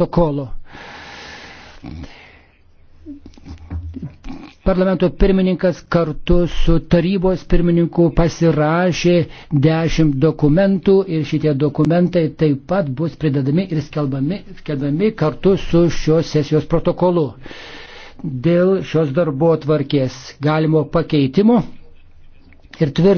protokolo. Parlamento pirmininkas kartu su tarybos pirmininku pasirašė dešimt dokumentų ir šitie dokumentai taip pat bus pridedami ir skelbami, skelbami kartu su šios sesijos protokolu. Dėl šios darbo tvarkės galimo pakeitimo ir tvirtinimo.